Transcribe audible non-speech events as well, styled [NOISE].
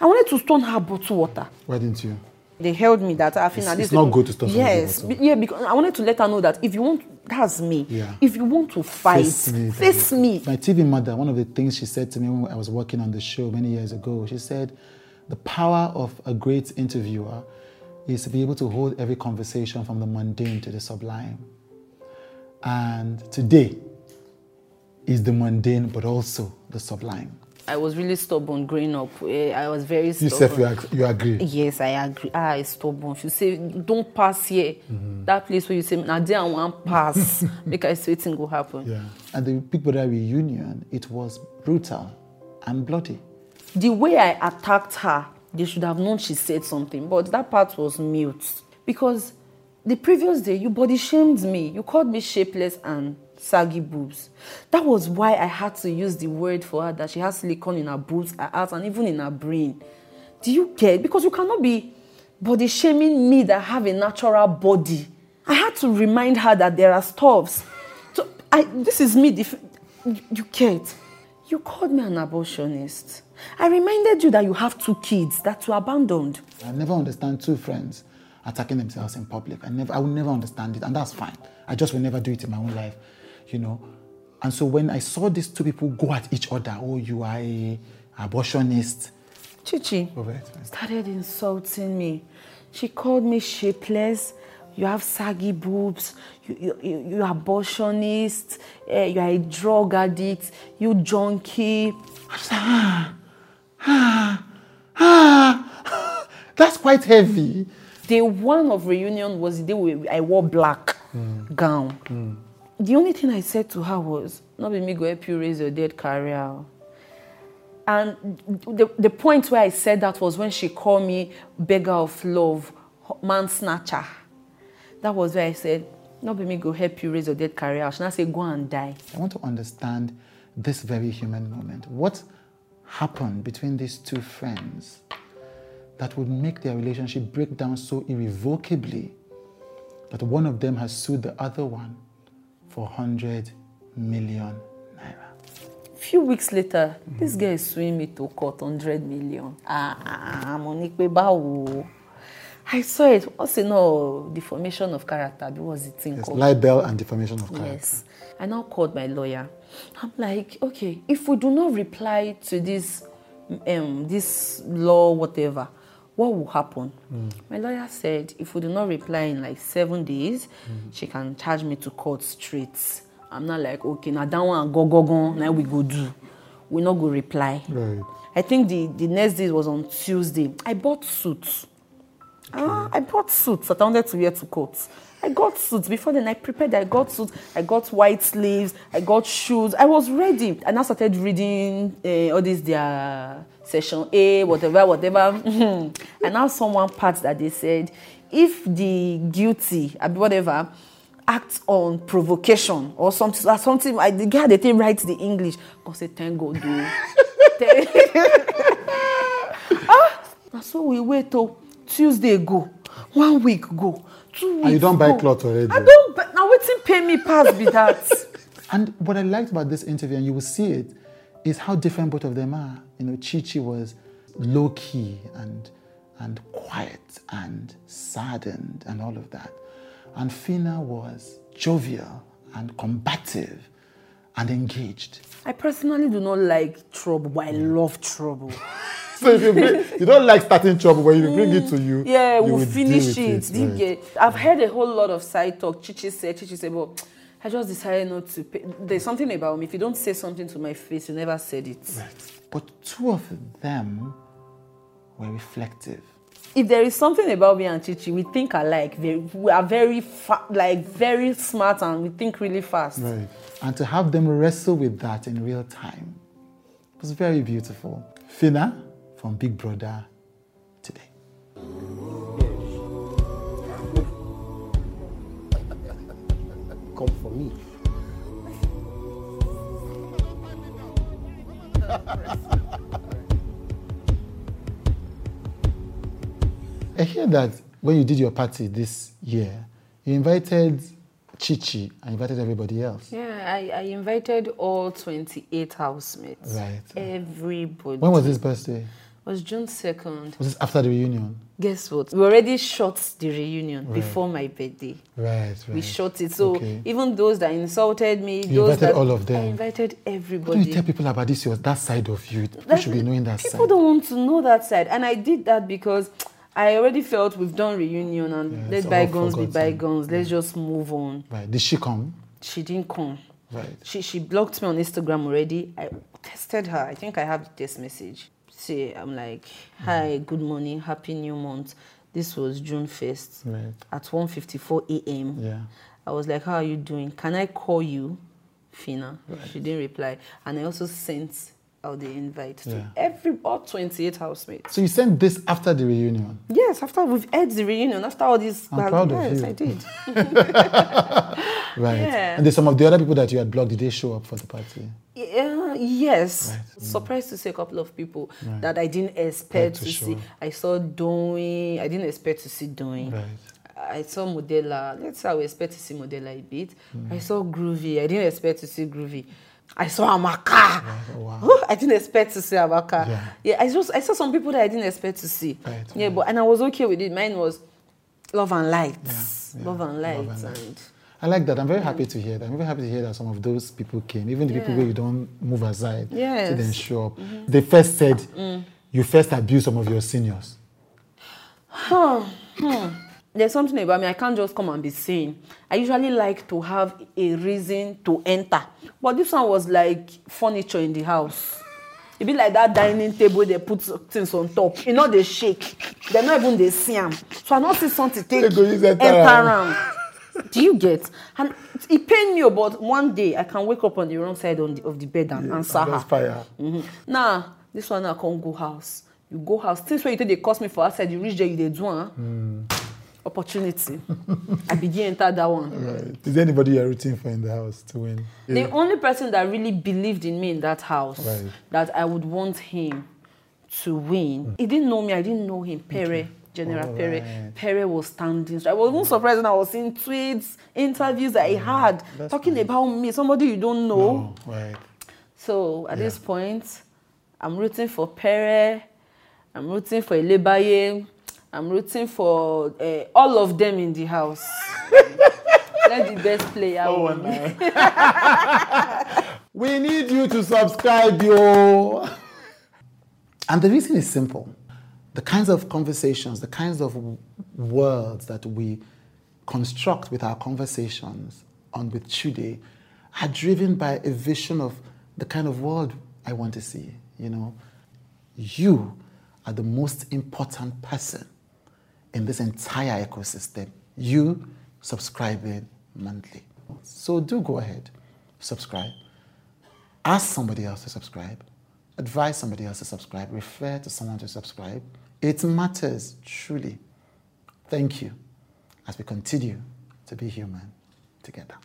I wanted to stone her bottle water. Why didn't you? They held me that Afina. It's, it's not good to stone. Yes, yeah. Because I wanted to let her know that if you want, that's me. Yeah. If you want to fight, face me. Face me. My TV mother. One of the things she said to me when I was working on the show many years ago. She said, "The power of a great interviewer is to be able to hold every conversation from the mundane to the sublime." And today is the mundane, but also the sublime. I was really stubborn growing up. Eh, I was very stubborn. said you, agree? Yes, I agree. Ah, I stubborn. If you say, don't pass here, mm-hmm. that place where you say, now there I want pass, because [LAUGHS] something will happen. Yeah. And the Big Brother reunion, it was brutal and bloody. The way I attacked her, they should have known she said something, but that part was mute. Because the previous day, you body shamed me. You called me shapeless and saggy boobs. That was why I had to use the word for her that she has silicone in her boobs, her ass, and even in her brain. Do you get? Because you cannot be body shaming me that have a natural body. I had to remind her that there are stuffs. So I, this is me. Def- you get? You called me an abortionist. I reminded you that you have two kids that you abandoned. I never understand two friends attacking themselves in public. I never, I will never understand it, and that's fine. I just will never do it in my own life. you know. And so when I saw these two people go at each other, oh, you are a abortionist. Chichi started insulting me. She called me shapeless. You have saggy boobs. You, you, you, you abortionist. Uh, you are a drug addict. You junkie. I was like, ah, ah, ah. [LAUGHS] That's quite heavy. Day one of reunion was the day I wore black mm. gown. Mm. the only thing I said to her was, not be me go help you raise your dead career. And the, the point where I said that was when she called me beggar of love, man snatcher. That was where I said, not be me go help you raise your dead career. She now say, go and die. I want to understand this very human moment. What happened between these two friends that would make their relationship break down so irrevocably that one of them has sued the other one for 100 million naira. few weeks later mm. this guy suing me to court 100 million ah mo ní i saw it what's in all defamation of character abi was the thing yes, called libel and defamation of character yes i now called my lawyer i'm like okay if we do not reply to this um, this law whatever what will happen? Mm. My lawyer said, if we do not reply in like seven days, mm. she can charge me to court straight. I'm not like, okay, now that one go, go, go, now we go do. We not go reply. Right. I think the, the next day was on Tuesday. I bought suits. Okay. Ah, I bought suits I wanted to wear to court. I got suits. Before then, I prepared. I got suits. I got white sleeves. I got shoes. I was ready. And I started reading uh, all these their Session A, whatever, whatever. and hmm. now someone part that they said, if the guilty, whatever, act on provocation or something, or something, I, the guy, the thing writes the English. God say, thank God, though. [LAUGHS] ah, so we wait till oh, Tuesday go, one week go, two weeks And you don't go. buy cloth already? I don't, now waiting. pay me pass be that. [LAUGHS] and what I liked about this interview, and you will see it, is how different both of them are. You know, Chichi was low key and, and quiet and saddened and all of that. And Fina was jovial and combative and engaged. I personally do not like trouble, but I love trouble. [LAUGHS] so if you, bring, you don't like starting trouble, but you bring it to you, yeah, you we'll finish it. it right. I've heard a whole lot of side talk. Chichi said, Chichi said, "Well." I just decided not to pay. There's something about me. If you don't say something to my face, you never said it. Right. But two of them were reflective. If there is something about me and Chichi, we think alike. We are very like very smart and we think really fast. Right. And to have them wrestle with that in real time was very beautiful. Fina from Big Brother come for me. I hear that when you did your party this year, you invited Chichi and invited everybody else. Yeah, I, I invited all 28 housemates. Right. Everybody. When was his birthday? was June 2nd. Was this after the reunion? Guess what? We already shot the reunion right. before my birthday. Right, right. We shot it. So okay. even those that insulted me, you those invited that, all of them. I invited everybody. Why you tell people about this, that side of you? People should be knowing that people side. People don't want to know that side. And I did that because I already felt we've done reunion and yeah, let bygones be bygones. Let's just move on. Right. Did she come? She didn't come. Right. She, she blocked me on Instagram already. I tested her. I think I have this message say I'm like, mm. hi, good morning, happy new month. This was June 1st right. at 1.54 a.m. Yeah. I was like, how are you doing? Can I call you, Fina? Right. She didn't reply. And I also sent out the invite to every all 28 housemates. So you sent this after the reunion? Yes, after we've had the reunion, after all this. I'm bad, proud yes, of you. I did. [LAUGHS] [LAUGHS] right. Yeah. And then some of the other people that you had blocked, did they show up for the party? Yeah yes. Right. Surprised mm. to see a couple of people right. that I didn't expect to, to see. I saw Doing. I didn't expect to see Doing. Right. I saw Modella. Let's say I would expect to see Modella a bit. Mm. I saw Groovy. I didn't expect to see Groovy. I saw Amaka. Oh, wow. wow. [LAUGHS] I didn't expect to see Amaka. Yeah. yeah, I just I saw some people that I didn't expect to see. Right, yeah, right. but and I was okay with it. Mine was love and light. Yeah, yeah. Love and light. Love and, light. and I like that. I'm very happy to hear that. I'm very happy to hear that some of those people came, even the yeah. people where you don't move aside yes. to then show up. Mm-hmm. They first said, mm. you first abused some of your seniors. Huh. Hmm. There's something about me. I can't just come and be seen. I usually like to have a reason to enter. But this one was like furniture in the house. It be like that dining table they put things on top. You know they shake. They are not even the same. So I not see something take enter around. Do you get? And it pained me, but one day I can wake up on the wrong side the, of the bed and yeah, answer and her. Fire. Mm-hmm. Nah, this one I can't go house. You go house. Since when you take they cost me for outside, you reach there, you they do, Mm. Opportunity. I begin enter that one. Right. Is there anybody you're rooting for in the house to win? Yeah. The only person that really believed in me in that house, right. that I would want him to win. Mm. He didn't know me, I didn't know him, Pere. Okay. General oh, Perry. Right. Perry was standing. I was even surprised when I was seeing tweets, interviews that he had talking nice. about me, somebody you don't know. No, right. So at yeah. this point, I'm rooting for Perry. I'm rooting for Elebaye. I'm rooting for uh, all of them in the house. [LAUGHS] Let the best player oh, win. [LAUGHS] we need you to subscribe, yo. And the reason is simple. the kinds of conversations, the kinds of words that we construct with our conversations on with Chude are driven by a vision of the kind of world I want to see. You know, you are the most important person in this entire ecosystem. You subscribing monthly. So do go ahead, subscribe. Ask somebody else to subscribe advise somebody else to subscribe, refer to someone to subscribe. It matters truly. Thank you as we continue to be human together.